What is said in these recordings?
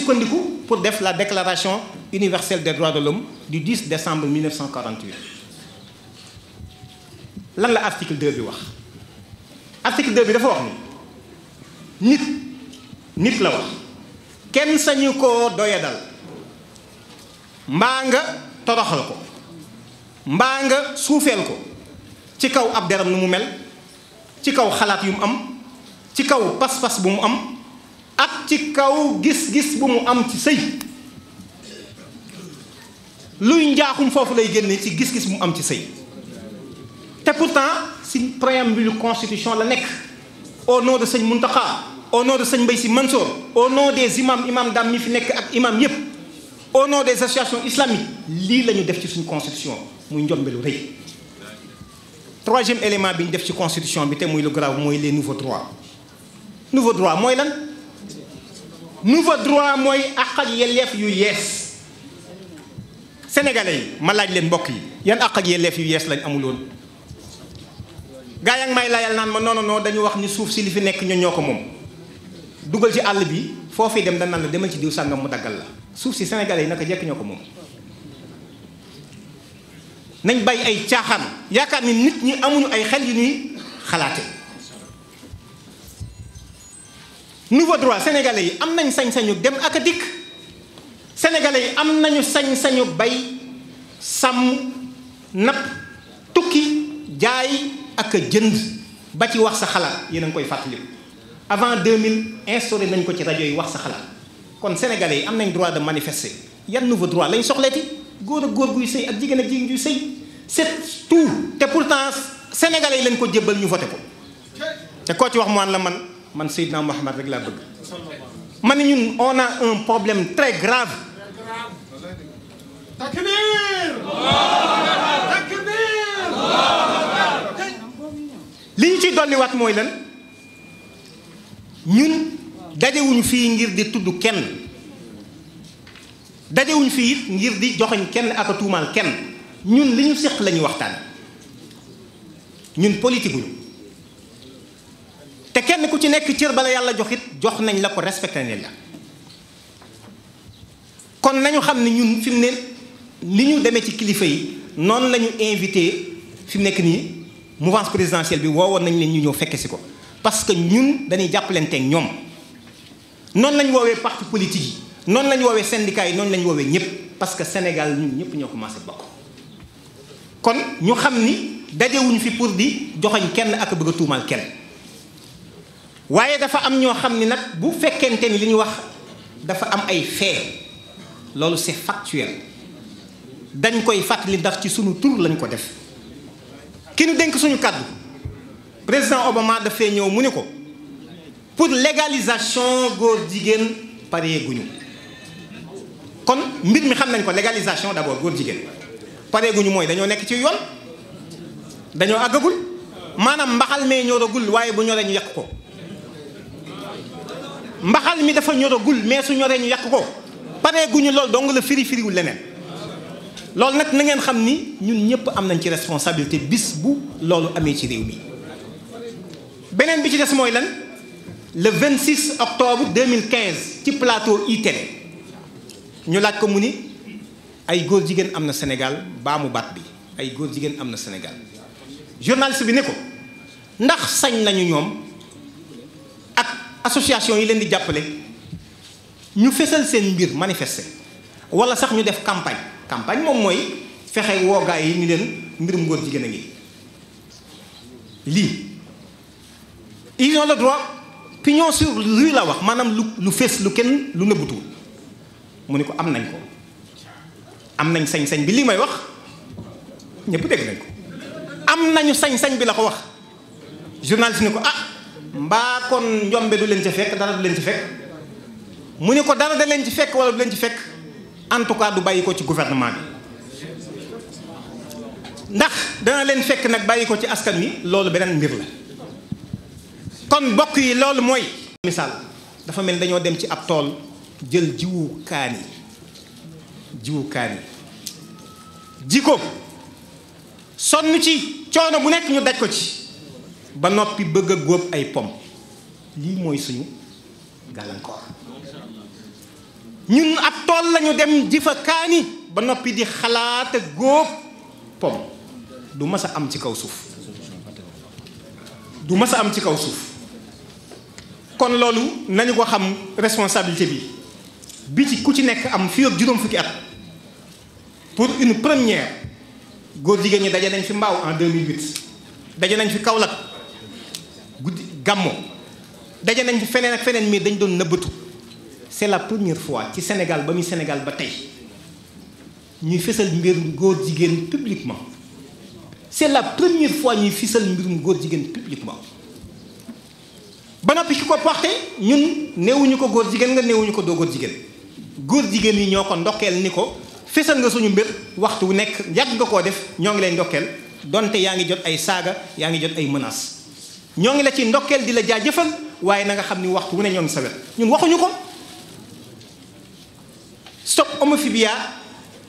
sukkandiku pour def la déclaration universelle de droits de l'homme du 10 décembre 1948 lan la article bi wax article 2 bi dafa wax ni nit nit la wax kenn sañu koo doyadal mbaa nga toroxal ko mbaa nga suufeel ko ci kaw ab deram nu mu mel ci kaw xalaat yu mu am ci kaw pas bu mu am ak ci kaw gis-gis bu mu am ci sëy luy njaaxum foofu lay génne ci gis-gis bu mu am ci sëy te pourtant si préambule constitution la nekk au nom de sëñ Muntaxa au nom de sëñ Mbay Si Mansour au nom des imams imam dam mi fi nekk ak imam yépp au de des associations islamiques lii la ñu def ci suñu constitution muy njombelu rëy troisième élément bi ñu def ci constitution bi te muy lu grave mooy les nouveaux droits nouveaux droits mooy lan nouveau droit mooy àq ak yelleef yu yees senegale yi ma laaj leen mbokk yi yan àq ak yelleef yu yees lañ amuloon gaa yaa ngi may laajal naan ma non non dañu wax ni suuf si li fi nekk ñoo ñoo ko moom dugal ci àll bi foo fi dem dañ la demal ci diw sàngam mu daggal la suuf si sénégalais yi naka jekk ñoo ko moom nañ bàyyi ay caaxaan yaakaar ni nit ñi amuñu ay xel yu ñuy xalaate nouveau droit sénégalais yi am nañ sañ-sañu dem ak dikk sénégalais am nañu sañ-sañu bay sàmm napp tukki jaay ak a jënd ba ci wax sa xalaat yéen nañ koy koy fàttaliku avant mille instauré nañ ko ci rajo yi wax sa xalaat kon sénégalais yi am nañ droit de manifester yan nouveau droit lañ soxleeti góor a góor guy sëy ak jigéen ak jigéen guy sëy c'est tout te pourtant sénégalais yi lañ ko jëbbal ñu voté ko te koo ci wax mu la man. man Seydina Mouhamad rek laa bëgg ma ne ñun on a un problème très grave takbir takbir li ñu ci dolliwaat mooy lan ñun dajewuñu fii ngir di tudd kenn dajewuñu fii ngir di joxoñ kenn ak tuumaal kenn ñun li ñu séq lañuy waxtaan ñun politique te kenn ku ci nekk cër bala yàlla joxit jox nañ la ko respecté nañ la kon nañu xam ne ñun fim ne li ñu demee ci kilifa yi noonu lañu ñu invité fi nekk nii mouvance présidentielle bi woowoon nañ leen ñu ñëw fekke si ko parce que ñun dañuy jàppalanteeg ñoom noonu la ñu woowee parti politique yi noonu la ñu woowee syndicat yi noonu la woowee ñëpp parce que Sénégal ñun ñëpp ñoo commencé bokk kon ñu xam ni dajewuñu fi pour di joxoñ kenn ak bëgg a kenn. waaye dafa am ñoo xam ne nag bu fekkente ni li ñu wax dafa am ay fait loolu c'est factuel dañ koy fàttali daf ci suñu tur lañ ko def ki nu dénk suñu kàddu président Obama dafay ñëw mu ne ko pour légalisation góor jigéen paree guñu kon mbir mi xam nañ ko légalisation d'abord góor jigéen paree guñu mooy dañoo nekk ci yoon dañoo àggagul maanaam mbaxal mee ñoragul waaye bu ñoree ñu yàq ko mbaxal mi dafa ñoragul mais su ñoree ñu yàq ko paree guñu loolu dong la firi firiwul leneen loolu nag na ngeen xam ni ñun ñëpp am nañ ci responsabilité bis bu loolu amee ci réew mi beneen bi ci des mooy lan le 26 octobre 2015 ci plateau ITV ñu laaj ko mu ni ay góor jigéen am na Sénégal baa mu baat bi ay góor jigéen am na Sénégal journaliste bi ne ko ndax sañ nañu ñoom. association yi leen di jàppale ñu fesal seen mbir manifester wala sax ñu def campagne campagne moom mooy fexe woo yi ñu leen mbirum góor jigéen a ngi lii ils ont le droit pignon sur la wax maanaam lu lu fees lu kenn lu nëbbutuwul mu ni ko am nañ ko am nañ sañ-sañ bi lii may wax ñëpp dégg nañ ko am nañu sañ-sañ bi la ko wax journaliste ni ko ah mbaa kon njombe du leen ci fekk dara du leen ci fekk mu ni ko dara da leen ci fekk wala du leen ci fekk en tout cas du bàyyi ko ci gouvernement bi ndax dana leen fekk nag bàyyi ko ci askan wi loolu beneen mbir la kon bokk yi loolu mooy misaal dafa mel ni dañoo dem ci ab tool jël jiwu kaani yi jiwu kaan yi ji ko sonn ci coono bu nekk ñu daj ko ci ba noppi bëgg a góob ay pom lii mooy suñu gàllankoor ñun ab tool lañu dem jifa kaani ba noppi di xalaat a góob pom du mas a am ci kaw suuf du mas a am ci kaw suuf kon loolu nañu ko xam responsabilité bi bi ci ku ci nekk am fii ak juróom fukki at pour une première góor jigéen ñi daje nañ fi mbaaw en 2008 daje nañ fi Kaolack gàmmu daje nañ feneen ak feneen mii dañ doon nëbbatu c'est la première fois ci Sénégal ba muy Sénégal ba tey ñuy fësal mbir góor jigéen publiquement c'est la première fois ñuy fësal mbirum góor jigéen publiquement ba noppi ki ko porté ñun néewuñu ko góor jigéen nga néewuñu ko doo góor jigéen góor jigéen ñi ñoo ko ndokkeel ni ko fësal nga suñu mbir waxtu wu nekk yàgg nga koo def ñoo ngi leen ndokkeel donte yaa ngi jot ay saaga yaa ngi jot ay menaces ñoo ngi la ci ndokkeel di la jëfal waaye nanga xam ni waxtu wu ne ñoo ngi sa wet ñun waxuñu ko stop homophobia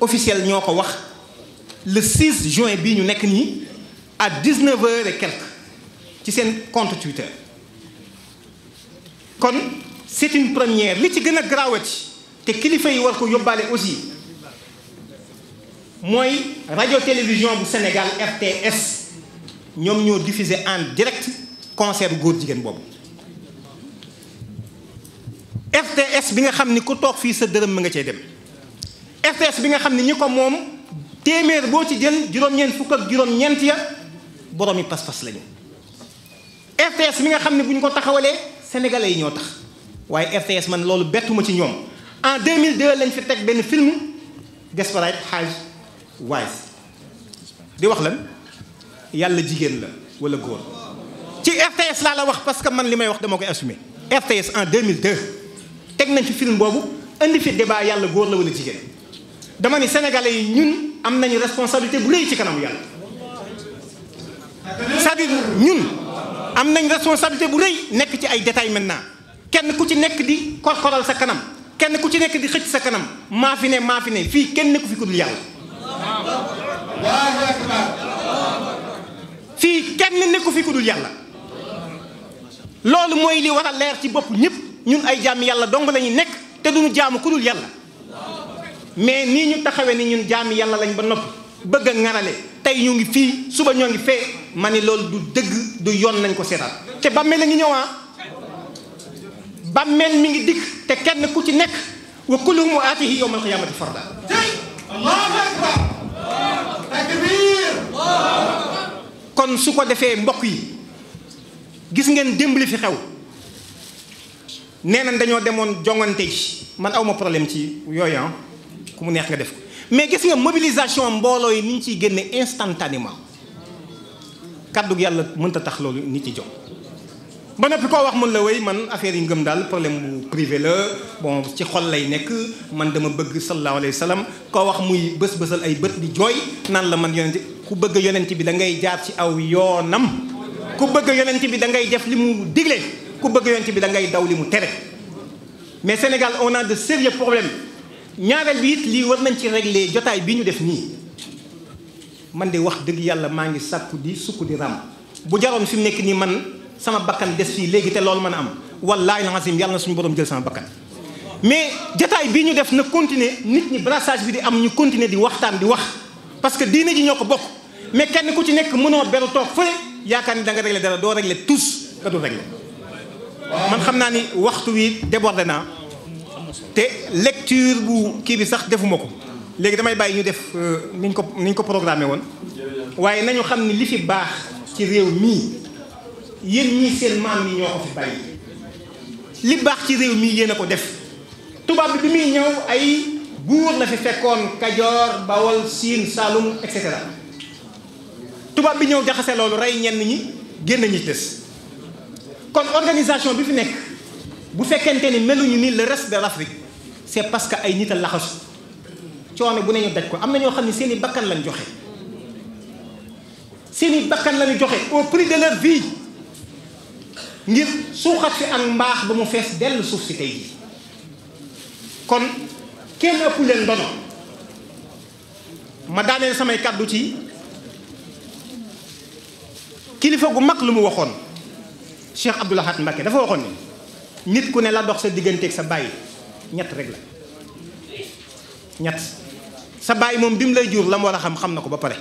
officiel ñoo ko wax le 6 juin bii ñu nekk nii à 19 heures et quelque ci seen compte Twitter kon c'est une première li ci gën a garaawati te kilifa yi war ko yóbbaale aussi mooy radio télévision bu Sénégal RTS ñoom ñoo diffuser en direct concert góor jigéen boobu RTS bi nga xam ni ku toog fii sa dërëm ma nga cee dem RTS bi nga xam ni ñi ko moom téeméer boo ci jël juróom-ñeent fukk ak juróom-ñeent ya boroomi pas-pas lañu RTS bi nga xam ne bu ñu ko taxawalee sénégalais yi ñoo tax waaye RTS man loolu bettuma ci ñoom en 2002 lañ fi teg benn film Desperate Housewives di wax lan yàlla jigéen la wala góor ci RTS laa la wax parce que man li may wax dama koy assumer RTS en 2002 teg nañ ci film boobu indi fi débat yàlla góor la wala jigéen dama ni sénégalais yi ñun am nañu responsabilité bu rëy ci kanam yàlla. cest ñun am nañ responsabilité bu rëy nekk ci ay détails maintenant kenn ku ci nekk di korkoral sa kanam kenn ku ci nekk di xëcc sa kanam maa fi ne maa fi ne fii kenn ku fi ku dul yàlla. fii kenn nekku fi ku dul yàlla. loolu mooy li war a leer ci bopp ñëpp ñun ay jàmm yàlla dong la nekk te duñu jaamu ku dul yàlla mais nii ñu taxawee ni ñun jàmm yàlla lañ ba noppi bëgg a ŋarale tey ñu ngi fii suba ñoo ngi fee ma ne loolu du dëgg du yoon nañ ko seetaan te bàmmeel a ngi ñëwaa ah. bàmmeel mi ngi dikk te kenn ku ci nekk wa kulluhum aatihi yawmal qiyaamati farda allahu akbar takbir kon su ko defee mbokk yi gis ngeen démb li fi xew nee nañ dañoo demoon jongante ji man awma problème ci yooyu ah ku mu neex nga def ko mais gis nga mobilisation mbooloo yi ni ñu ciy génne instantanément kàddu gi yàlla mënta tax loolu nit ci jóg. ba noppi koo wax mën la wéy man affaire yi ngëm daal problème bu privé la bon ci xol lay nekk man dama bëgg sallallahu alayhi wa koo wax muy bës-bësal ay bët di jooy naan la man yonent ku bëgg yonent bi da ngay jaar ci aw yoonam ku bëgg yonent bi da ngay def li mu digle ku bëgg yonent bi da ngay daw li mu tere mais Sénégal on a de sérieux problèmes ñaareel bi it lii war nañ ci régler jotaay bi ñu def nii man de wax dëgg yàlla maa ngi sàkku di sukk di ram bu jaroon fi mu nekk nii man sama bakkan des fii léegi te loolu mën a am wallaahi azim yàlla na suñu borom jël sama bakkan mais jataay bi ñu def na continuer nit ñi brassage bi di am ñu continuer di waxtaan di wax parce que diine ji ñoo yaakaar ni da nga réglé dara doo réglé tous nga dul réglé man xam naa ni waxtu wi débordé naa te lecture bu kii bi sax defuma ko léegi damay bàyyi ñu def euh, niñ ko niñ ko programme woon waaye nañu xam ni li fi baax ci réew mii yéen ñii seen maam yi ñoo ko fi bàyyi li baax ci réew mii yéen ko def tubaab bi bi muy ñëw ay buur la fi fekkoon Kajoor Bawol Siin Saalum et cetera tubaab bi ñëw jaxasee loolu rey ñenn ñi génn ñi des kon organisation bi fi nekk bu fekkente ni meluñu ni la reste de l'Afrique c'est parce que ay nit a laxasu coono bu ne ñu daj ko am na ñoo xam ne seen i bakkan lañ joxe seen i bakkan lañu joxe au prix de leur vie ngir suuxat fi ak mbaax ba mu fees dell suuf si tey jii kon kenn ëpp leen ndono ma daaneel samay kàddu ci. kilifa gu mag lu mu waxoon Cheikh Abdoul Ahad dafa waxoon nii nit ku ne la dox sa digganteeg sa bàyyi ñett rek la ñett sa bàyyi moom bi mu lay jur la mu war a xam xam na ko ba pare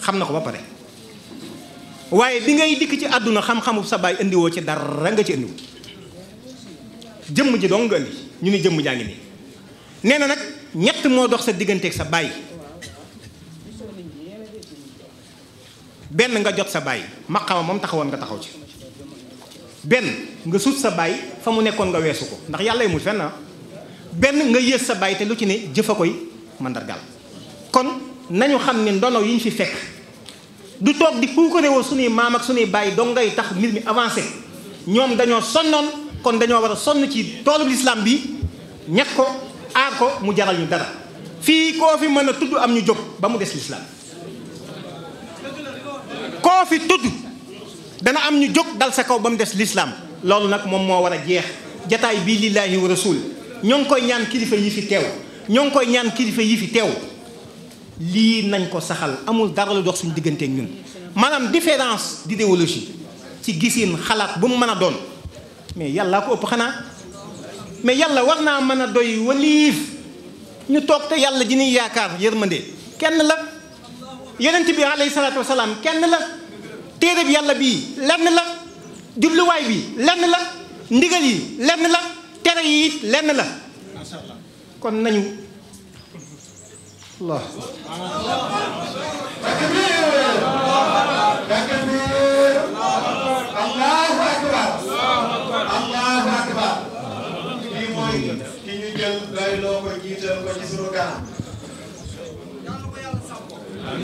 xam na ko ba pare waaye bi ngay dikk ci àdduna xam-xamu sa bàyyi indiwoo ci dara nga ci indiwu jëmm ji dong nga indi ñu ni jëmm jaa ngi nii nee na nag ñett moo dox sa digganteeg sa bàyyi benn nga jot sa baay maqaama moom taxawoon nga taxaw ci benn nga suut sa baay fa mu nekkoon nga weesu ko ndax yàlla yemul fenn ah. benn nga yées sa baay te lu ci ne jëf a koy mandargal kon nañu xam ne ndono yi ñu fi fekk du toog di puukarewoo suñuy maam ak suñuy baay dong ngay tax mbir mi avancé ñoom dañoo sonnoon kon dañoo war a sonn ci toolu lislaam bi ñag ko aar ko mu jaral ñu dara fii koo fi mën a tudd am ñu jóg ba mu des lislaam koo fi tudd dana am ñu jóg dal sa kaw ba mu des lislaam loolu nag moom moo war a jeex jataay bii lillaahi wa rasul ñoo ngi koy ñaan kilifa yi fi teew ñoo ngi koy ñaan kilifa yi fi teew lii nañ ko saxal amul dara lu dox suñu diggante ak ñun maanaam différence d'idéologie ci gisin xalaat bu mu mën a doon mais yàlla ko ëpp xanaa mais yàlla war naa mën a doy waliif ñu toog te yàlla ji ñuy yaakaar yërmande kenn la yonent bi alayhi salaatu kenn la téere bi yàlla bii lenn la jubluwaay bi lenn la ndigal yi lenn la tere yi lenn la kon nañu Allah allahu akbar allahu akbar lii ñu jël doy loo ko jiital ko ci sunu